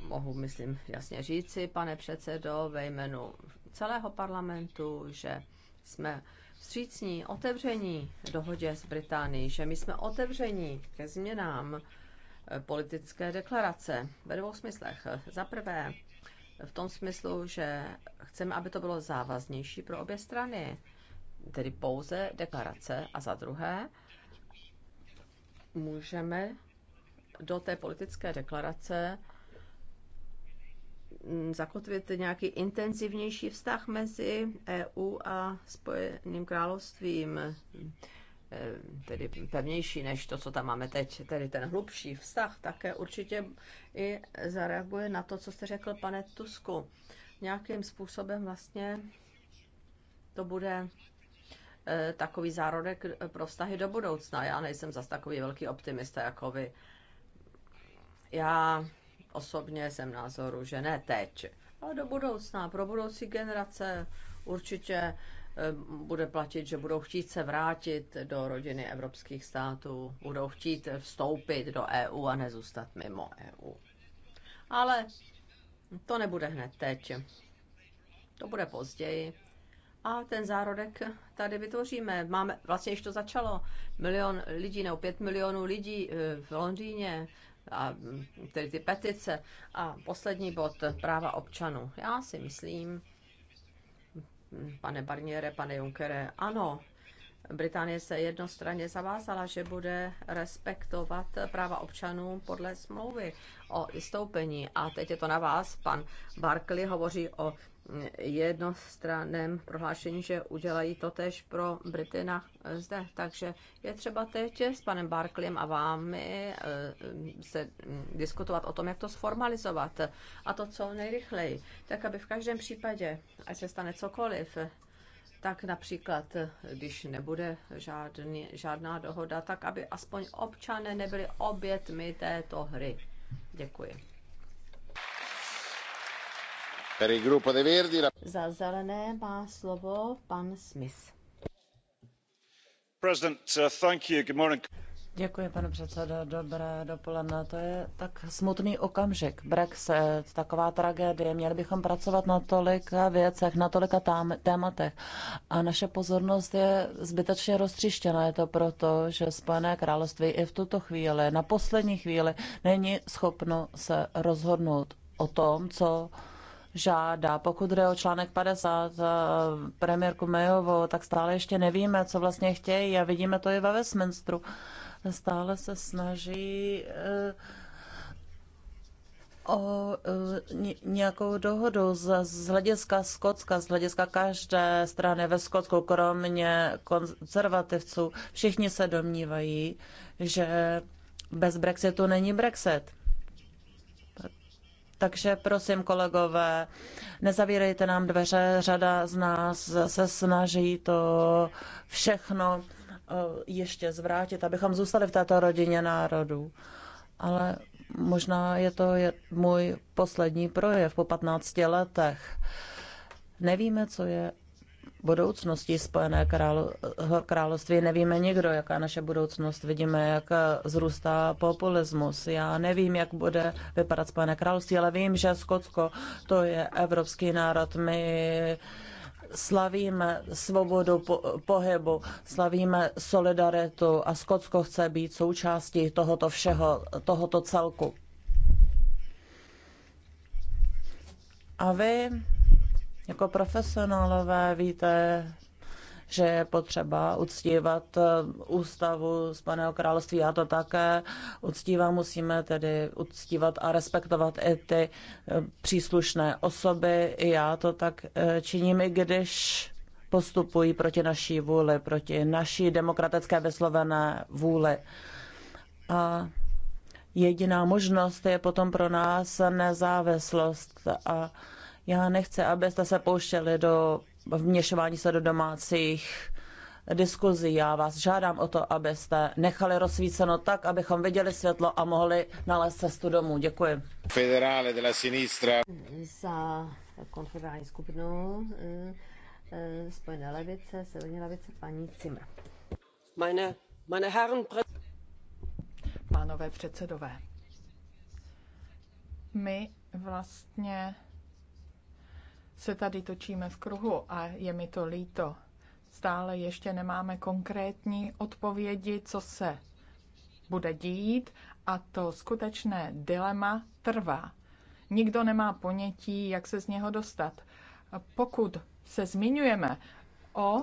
mohu, myslím, jasně říci, pane předsedo, ve jménu celého parlamentu, že jsme vstřícní, otevření dohodě s Británií, že my jsme otevření ke změnám eh, politické deklarace ve dvou smyslech. Za prvé, v tom smyslu, že chceme, aby to bylo závaznější pro obě strany, tedy pouze deklarace. A za druhé, můžeme do té politické deklarace Mm, zakotvit nějaký intenzivnější vztah mezi EU a Spojeným královstvím, eh, tedy pevnější než to, co tam máme teď, tedy ten hlubší vztah, také určitě i zareaguje na to, co jste řekl, pane Tusku. Nějakým způsobem vlastně to bude eh, takový zárodek eh, pro vztahy do budoucna. Já nejsem zas takový velký optimista jako vy. Já osobně jsem názoru, že ne teď, ale do budoucna, pro budoucí generace určitě eh, bude platit, že budou chtít se vrátit do rodiny evropských států, budou chtít vstoupit do EU a nezůstat mimo EU. Ale to nebude hned teď. To bude později. A ten zárodek tady vytvoříme. Máme, vlastně když to začalo. Milion lidí nebo pět milionů lidí eh, v Londýně a tedy ty petice. A poslední bod, práva občanů. Já si myslím, pane Barniere, pane Junckere, ano, Británie se jednostranně zavázala, že bude respektovat práva občanů podle smlouvy o vystoupení. A teď je to na vás. Pan Barkley hovoří o jednostranném prohlášení, že udělají to tež pro Brity na eh, zde. Takže je třeba teď s panem Barklem a vámi eh, se mm, diskutovat o tom, jak to sformalizovat a to co nejrychleji, tak aby v každém případě, ať se stane cokoliv, tak například, eh, když nebude žádný, žádná dohoda, tak aby aspoň občané nebyli obětmi této hry. Děkuji. Za zelené má slovo pan Smith. Uh, Děkuji, pane předsedo. Dobré dopoledne. To je tak smutný okamžik. Brexit, taková tragédie. Měli bychom pracovat na tolika věcech, na tolika tám, tématech. A naše pozornost je zbytečně roztřištěna. Je to proto, že Spojené království i v tuto chvíli, na poslední chvíli, není schopno se rozhodnout o tom, co žádá. Pokud jde o článek 50 eh, premiérku Mayovou, tak stále ještě nevíme, co vlastně chtějí a vidíme to i ve Westminsteru. Stále se snaží eh, o eh, nějakou dohodu z, z hlediska Skotska, z hlediska každé strany ve Skotsku, kromě konzervativců. Všichni se domnívají, že bez Brexitu není Brexit. Takže prosím, kolegové, nezavírejte nám dveře. Řada z nás se snaží to všechno eh, ještě zvrátit, abychom zůstali v této rodině národů. Ale možná je to můj poslední projev po 15 letech. Nevíme, co je budoucnosti Spojené králo, království. Nevíme nikdo, jaká naše budoucnost. Vidíme, jak zrůstá populismus. Já nevím, jak bude vypadat Spojené království, ale vím, že Skotsko to je evropský národ. My slavíme svobodu po, pohybu, slavíme solidaritu a Skotsko chce být součástí tohoto všeho, tohoto celku. A vy jako profesionálové víte, že je potřeba uctívat eh, ústavu z Paného království. Já to také uctívám, musíme tedy uctívat a respektovat i ty eh, příslušné osoby. Já to tak eh, činím, i když postupují proti naší vůli, proti naší demokratické vyslovené vůli. A jediná možnost je potom pro nás nezávislost a já nechci, abyste se pouštěli do vměšování se do domácích diskuzí. Já vás žádám o to, abyste nechali rozsvíceno tak, abychom viděli světlo a mohli nalézt cestu domů. Děkuji. Federále de la sinistra. Za konfederální skupinu eh, eh, Spojené levice, Severní levice, paní Cimr. Meine, meine Herren, Pánové předsedové, my vlastně se tady točíme v kruhu a je mi to líto. Stále ještě nemáme konkrétní odpovědi, co se bude dít a to skutečné dilema trvá. Nikdo nemá ponětí, jak se z něho dostat. Pokud se zmiňujeme o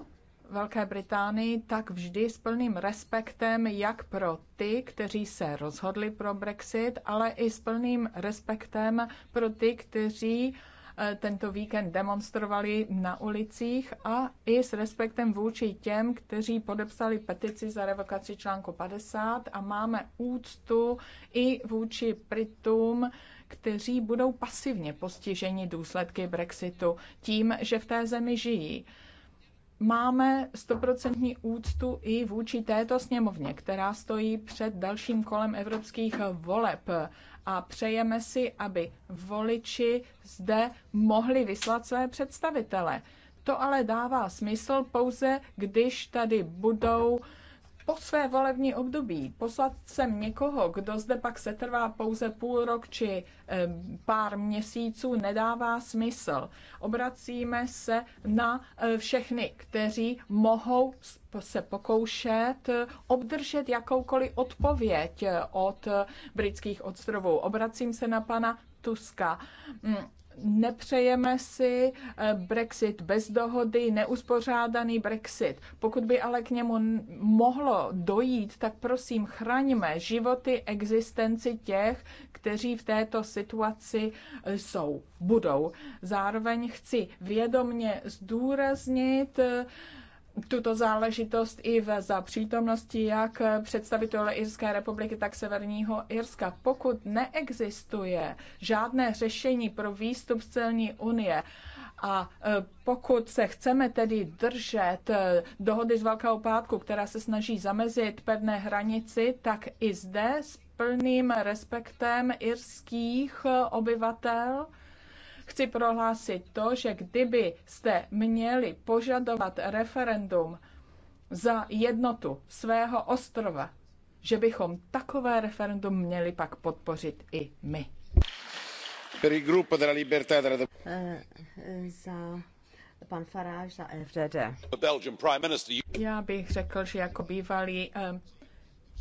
Velké Británii, tak vždy s plným respektem jak pro ty, kteří se rozhodli pro Brexit, ale i s plným respektem pro ty, kteří Eh, tento víkend demonstrovali na ulicích a i s respektem vůči těm, kteří podepsali petici za revokaci článku 50 a máme úctu i vůči Britům, kteří budou pasivně postiženi důsledky Brexitu tím, že v té zemi žijí máme stoprocentní úctu i vůči této sněmovně, která stojí před dalším kolem evropských voleb a přejeme si, aby voliči zde mohli vyslat své představitele. To ale dává smysl pouze, když tady budou uh, po své volební období poslat sem někoho, kdo zde pak setrvá pouze půl rok či eh, pár měsíců, nedává smysl. Obracíme se na eh, všechny, kteří mohou se pokoušet eh, obdržet jakoukoliv odpověď od britských ostrovů. Obracím se na pana Tuska. Mm, Nepřejeme si eh, Brexit bez dohody, neuspořádaný Brexit. Pokud by ale k němu mohlo dojít, tak prosím chraňme životy, existenci těch, kteří v této situaci eh, jsou, budou. Zároveň chci vědomně zdůraznit, eh, tuto záležitost i v, za přítomnosti jak představitele Irské republiky, tak Severního Irska. Pokud neexistuje žádné řešení pro výstup z celní unie a e, pokud se chceme tedy držet e, dohody z Velkého pátku, která se snaží zamezit pevné hranici, tak i zde s plným respektem irských obyvatel chci prohlásit to, že kdybyste měli požadovat referendum za jednotu svého ostrova, že bychom takové referendum měli pak podpořit i my. della della. libertà e eh, eh, Za pan Faráž za FDD. Já bych řekl, že jako bývalý eh,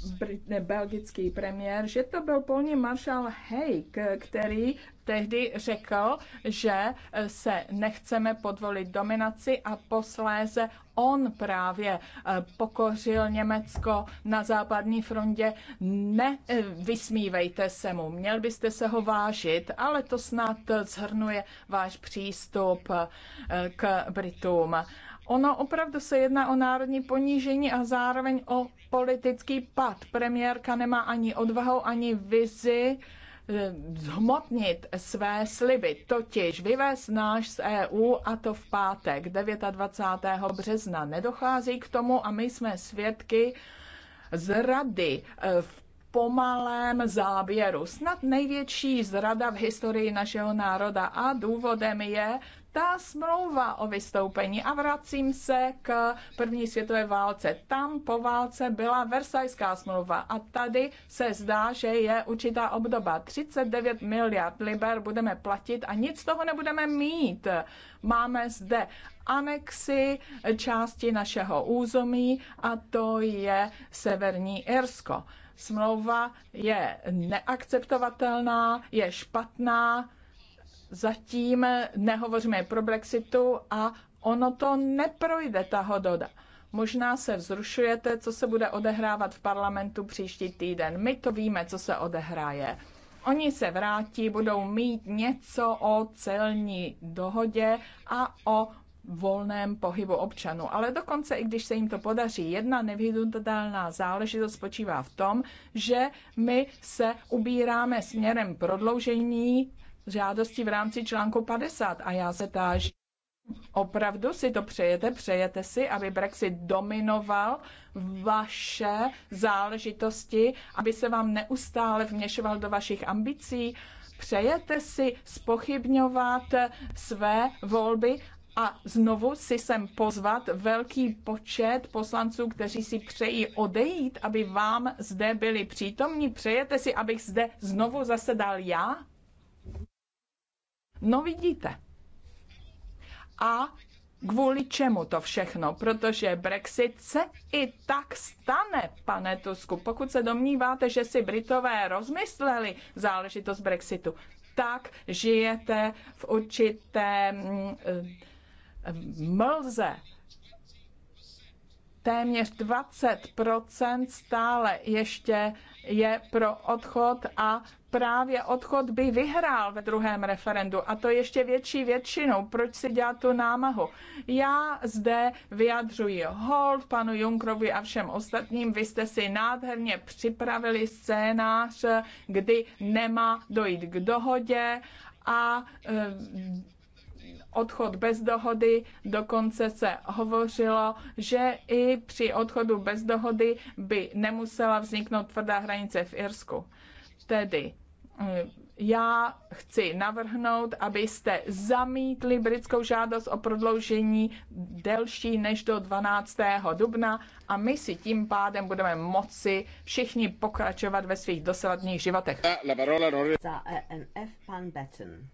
Brit, ne, belgický premiér, že to byl polní maršál Hejk, který tehdy řekl, že se nechceme podvolit dominaci a posléze on právě eh, pokořil Německo na západní frontě. Ne, eh, vysmívejte se mu, měl byste se ho vážit, ale to snad zhrnuje váš přístup eh, k Britům. Ono opravdu se jedná o národní ponížení a zároveň o politický pad. Premiérka nemá ani odvahu, ani vizi eh, zhmotnit své sliby, totiž vyvést náš z EU a to v pátek 29. března. Nedochází k tomu a my jsme svědky zrady eh, v pomalém záběru. Snad největší zrada v historii našeho národa a důvodem je ta smlouva o vystoupení. A vracím se k první světové válce. Tam po válce byla Versajská smlouva a tady se zdá, že je určitá obdoba. 39 miliard liber budeme platit a nic z toho nebudeme mít. Máme zde anexy části našeho území a to je Severní Irsko. Smlouva je neakceptovatelná, je špatná, zatím nehovoříme pro Brexitu a ono to neprojde, ta hododa. Možná se vzrušujete, co se bude odehrávat v parlamentu příští týden. My to víme, co se odehráje. Oni se vrátí, budou mít něco o celní dohodě a o volném pohybu občanů. Ale dokonce, i když se jim to podaří, jedna nevyhnutelná záležitost spočívá v tom, že my se ubíráme směrem prodloužení žádosti v rámci článku 50 a já se táž, Opravdu si to přejete? Přejete si, aby Brexit dominoval vaše záležitosti, aby se vám neustále vměšoval do vašich ambicí? Přejete si spochybňovat své volby a znovu si sem pozvat velký počet poslanců, kteří si přejí odejít, aby vám zde byli přítomní? Přejete si, abych zde znovu zasedal já? No vidíte. A kvůli čemu to všechno? Protože Brexit se i tak stane, pane Tusku. Pokud se domníváte, že si Britové rozmysleli záležitost Brexitu, tak žijete v určité mm, eh, mlze téměř 20% stále ještě je pro odchod a právě odchod by vyhrál ve druhém referendu a to ještě větší většinou. Proč si dělat tu námahu? Já zde vyjadřuji hold panu Junkrovi a všem ostatním. Vy jste si nádherně připravili scénář, kdy nemá dojít k dohodě a odchod bez dohody, dokonce se hovořilo, že i při odchodu bez dohody by nemusela vzniknout tvrdá hranice v Irsku. Tedy eh, já chci navrhnout, abyste zamítli britskou žádost o prodloužení delší než do 12. dubna a my si tím pádem budeme moci všichni pokračovat ve svých dosavadních životech. Za ENF pan Betten.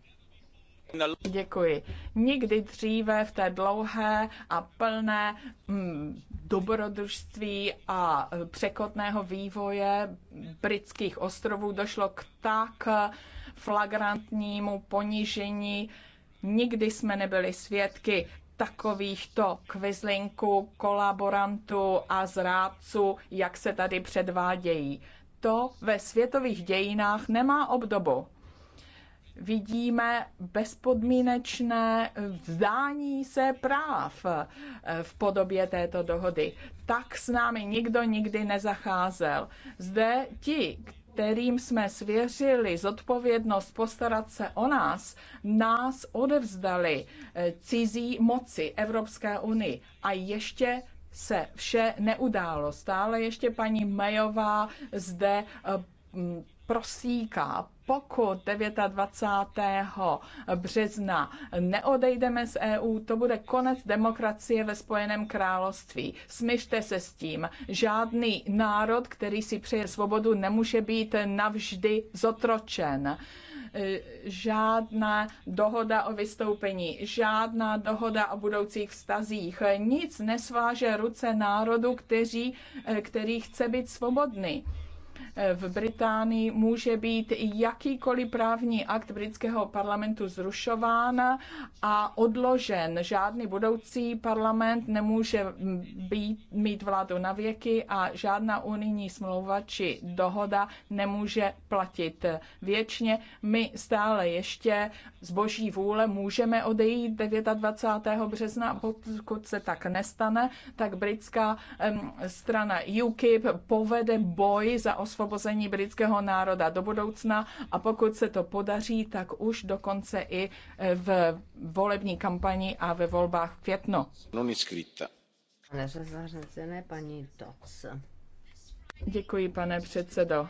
Děkuji. Nikdy dříve v té dlouhé a plné mm, dobrodružství a překotného vývoje britských ostrovů došlo k tak flagrantnímu ponižení. Nikdy jsme nebyli svědky takovýchto kvizlinků, kolaborantů a zrádců, jak se tady předvádějí. To ve světových dějinách nemá obdobu vidíme bezpodmínečné vzdání se práv eh, v podobě této dohody. Tak s námi nikdo nikdy nezacházel. Zde ti, kterým jsme svěřili zodpovědnost postarat se o nás, nás odevzdali eh, cizí moci Evropské unii. A ještě se vše neudálo. Stále ještě paní Majová zde eh, prosíká. Pokud 29. března neodejdeme z EU, to bude konec demokracie ve Spojeném království. Smyšte se s tím. Žádný národ, který si přeje svobodu, nemůže být navždy zotročen žádná dohoda o vystoupení, žádná dohoda o budoucích vztazích. Nic nesváže ruce národu, kteří, který chce být svobodný v Británii může být jakýkoliv právní akt britského parlamentu zrušován a odložen. Žádný budoucí parlament nemůže být, mít vládu na věky a žádná unijní smlouva či dohoda nemůže platit věčně. My stále ještě z boží vůle můžeme odejít 29. března, pokud se tak nestane, tak britská strana UKIP povede boj za osvobození britského národa do budoucna a pokud se to podaří, tak už dokonce i eh, v volební kampani a ve volbách v květnu. Nezařazené paní Doc. Děkuji, pane předsedo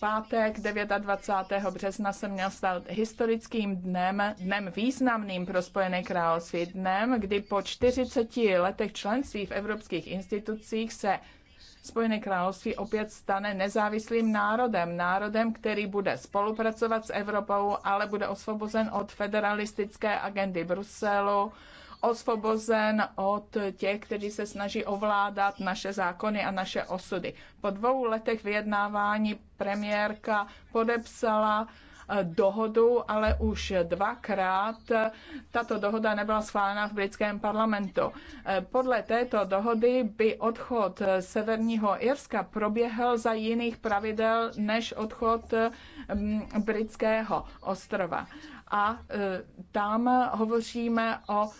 pátek 29. března se měl stát historickým dnem, dnem významným pro Spojené království, dnem, kdy po 40 letech členství v evropských institucích se Spojené království opět stane nezávislým národem. Národem, který bude spolupracovat s Evropou, ale bude osvobozen od federalistické agendy Bruselu, osvobozen od těch, kteří se snaží ovládat naše zákony a naše osudy. Po dvou letech vyjednávání premiérka podepsala dohodu, ale už dvakrát tato dohoda nebyla schválena v britském parlamentu. Podle této dohody by odchod Severního Irska proběhl za jiných pravidel než odchod mm, britského ostrova a e, tam hovoříme o e,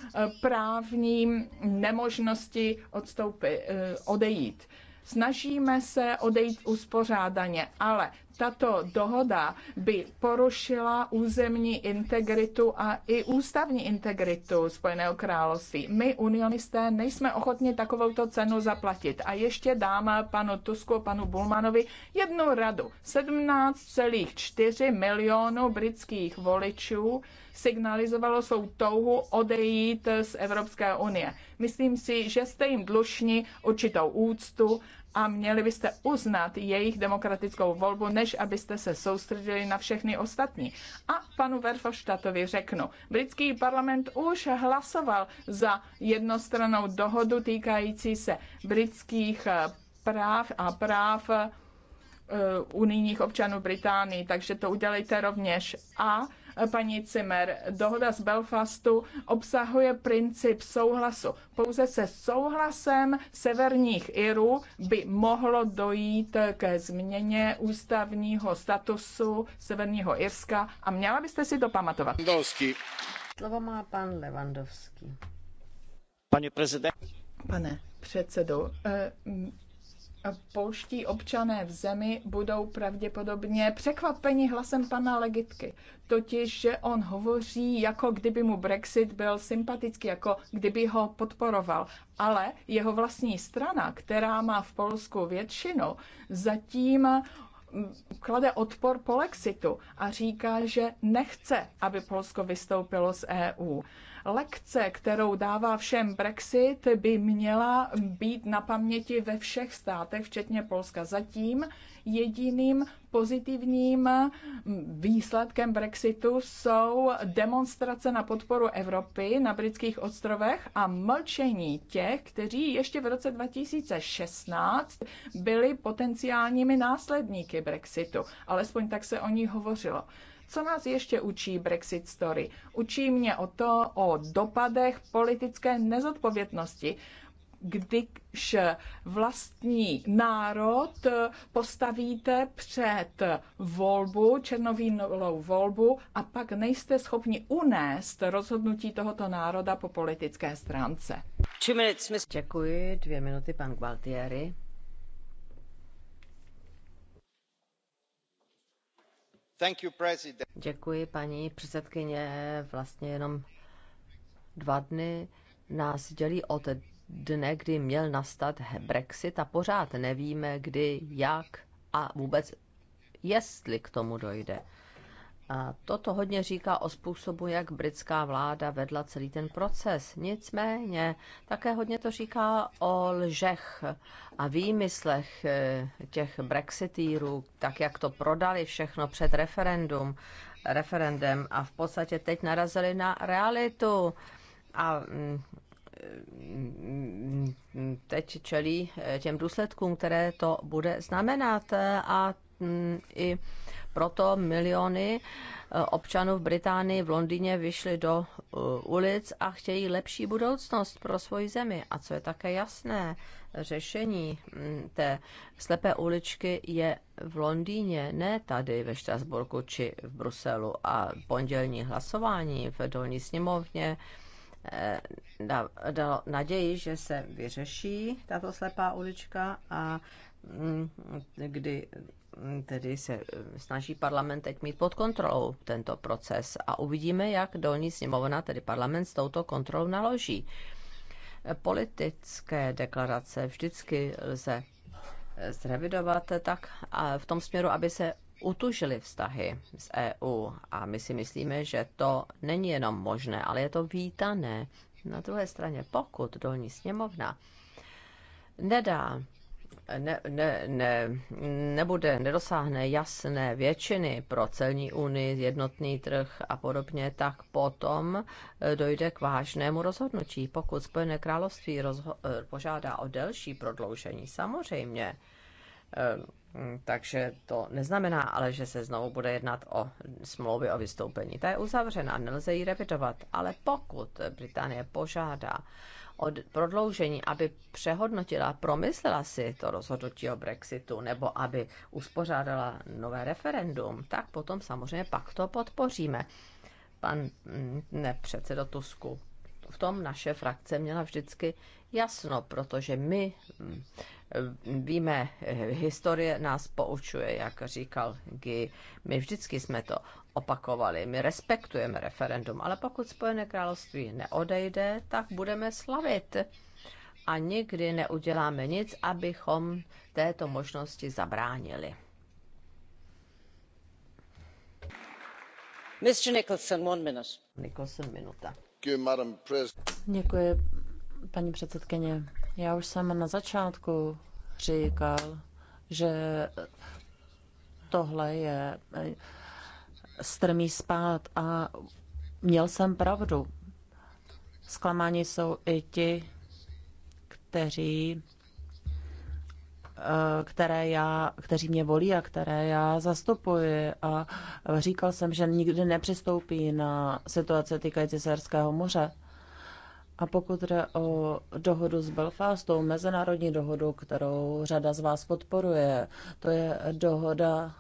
právní nemožnosti odstoupit, e, odejít. Snažíme se odejít uspořádaně, ale tato dohoda by porušila územní integritu a i ústavní integritu Spojeného království. My, unionisté, nejsme ochotni takovouto cenu zaplatit. A ještě dám panu Tusku, panu Bulmanovi jednu radu. 17,4 milionů britských voličů signalizovalo svou touhu odejít z Evropské unie. Myslím si, že jste jim dlušní určitou úctu a měli byste uznat jejich demokratickou volbu, než abyste se soustředili na všechny ostatní. A panu Verhofstadtovi řeknu, britský parlament už hlasoval za jednostranou dohodu týkající se britských eh, práv a práv eh, unijních občanů Británii, takže to udělejte rovněž. A Eh, paní Cimer, dohoda z Belfastu obsahuje princip souhlasu. Pouze se souhlasem severních Irů by mohlo dojít ke změně ústavního statusu severního Irska a měla byste si to pamatovat. Lewandowski. Slovo má pan Lewandowski. Pane prezident. Pane předsedo, eh, polští občané v zemi budou pravděpodobně překvapeni hlasem pana Legitky. Totiž, že on hovoří, jako kdyby mu Brexit byl sympatický, jako kdyby ho podporoval. Ale jeho vlastní strana, která má v Polsku většinu, zatím mm, klade odpor po Lexitu a říká, že nechce, aby Polsko vystoupilo z EU lekce, kterou dává všem Brexit, by měla být na paměti ve všech státech, včetně Polska. Zatím Jediným pozitivním výsledkem Brexitu jsou demonstrace na podporu Evropy na britských ostrovech a mlčení těch, kteří ještě v roce 2016 byli potenciálními následníky Brexitu. Alespoň tak se o ní hovořilo. Co nás ještě učí Brexit Story? Učí mě o to, o dopadech politické nezodpovědnosti když vlastní národ postavíte před volbu, černovínovou volbu a pak nejste schopni unést rozhodnutí tohoto národa po politické stránce. Děkuji, dvě minuty, pan Gualtieri. You, Děkuji, paní předsedkyně. Vlastně jenom dva dny nás dělí od dne, kdy měl nastat Brexit a pořád nevíme, kdy, jak a vůbec jestli k tomu dojde. A toto hodně říká o způsobu, jak britská vláda vedla celý ten proces. Nicméně také hodně to říká o lžech a výmyslech eh, těch brexitýrů, tak jak to prodali všechno před referendum, referendem a v podstatě teď narazili na realitu. A mm, teď čelí eh, těm důsledkům, které to bude znamenat eh, a mm, i proto miliony eh, občanů v Británii, v Londýně vyšly do ulic a chtějí lepší budoucnost pro svoji zemi. A co je také jasné, řešení mm, té slepé uličky je v Londýně, ne tady ve Štrasburku či v Bruselu. A pondělní hlasování v dolní sněmovně Eh, dalo naději, že se vyřeší tato slepá ulička a mm, kdy mm, tedy se eh, snaží parlament teď mít pod kontrolou tento proces a uvidíme, jak dolní sněmovna, tedy parlament, s touto kontrolou naloží. Eh, politické deklarace vždycky lze zrevidovat tak a v tom směru, aby se utužili vztahy s EU a my si myslíme, že to není jenom možné, ale je to vítané. Na druhé straně, pokud dolní sněmovna nedá ne, ne, ne, nebude, nedosáhne jasné většiny pro celní unii, jednotný trh a podobně, tak potom eh, dojde k vážnému rozhodnutí. Pokud Spojené království rozho- eh, požádá o delší prodloužení, samozřejmě Ehm, mm, takže to neznamená ale, že se znovu bude jednat o smlouvy o vystoupení. Ta je uzavřena, nelze ji revidovat, ale pokud Británie požádá o prodloužení, aby přehodnotila, promyslela si to rozhodnutí o Brexitu nebo aby uspořádala nové referendum, tak potom samozřejmě pak to podpoříme. Pan mm, ne, předsedo Tusku, v tom naše frakce měla vždycky jasno, protože my mm, víme, historie nás poučuje, jak říkal Guy, my vždycky jsme to opakovali, my respektujeme referendum, ale pokud Spojené království neodejde, tak budeme slavit a nikdy neuděláme nic, abychom této možnosti zabránili. Mr. Nicholson, one minute. Nicholson, minuta paní předsedkyně. Já už jsem na začátku říkal, že tohle je eh, strmý spát a měl jsem pravdu. Zklamáni jsou i ti, kteří Eh, které já, kteří mě volí a které já zastupuji. A říkal jsem, že nikdy nepřistoupí na situace týkající Serského moře. A pokud jde o dohodu s Belfastou, mezinárodní dohodu, kterou řada z vás podporuje, to je dohoda,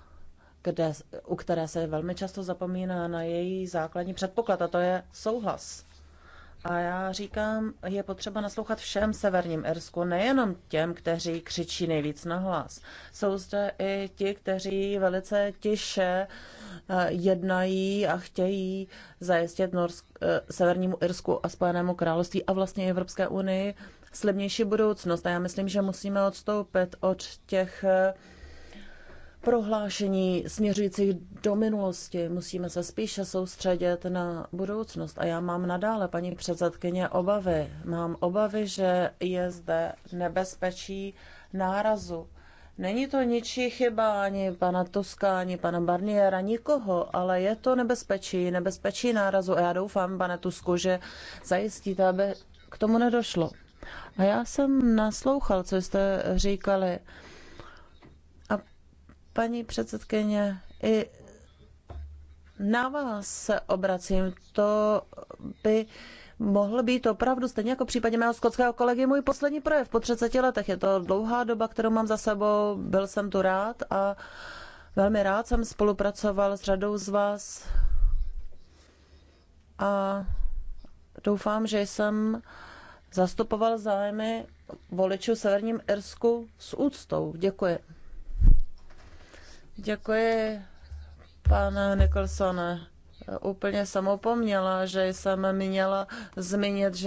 kde, u které se velmi často zapomíná na její základní předpoklad, a to je souhlas. A já říkám, je potřeba naslouchat všem severním Irsku, nejenom těm, kteří křičí nejvíc na hlas. Jsou zde i ti, kteří velice tiše eh, jednají a chtějí zajistit Norsk, eh, severnímu Irsku a Spojenému království a vlastně Evropské unii slibnější budoucnost. A já myslím, že musíme odstoupit od těch eh, prohlášení směřujících do minulosti. Musíme se spíše soustředit na budoucnost. A já mám nadále, paní předsedkyně, obavy. Mám obavy, že je zde nebezpečí nárazu. Není to ničí chyba ani pana Toska, ani pana Barniera, nikoho, ale je to nebezpečí, nebezpečí nárazu. A já doufám, pane Tusku, že zajistíte, aby k tomu nedošlo. A já jsem naslouchal, co jste říkali. Paní předsedkyně, i na vás se obracím. To by mohl být opravdu, stejně jako v případě mého skotského kolegy, můj poslední projev po 30 letech. Je to dlouhá doba, kterou mám za sebou, byl jsem tu rád a velmi rád jsem spolupracoval s řadou z vás a doufám, že jsem zastupoval zájmy voličů v Severním Irsku s úctou. Děkuji. Děkuji, pane Nicholsone. Úplně jsem opomněla, že jsem měla zmínit, že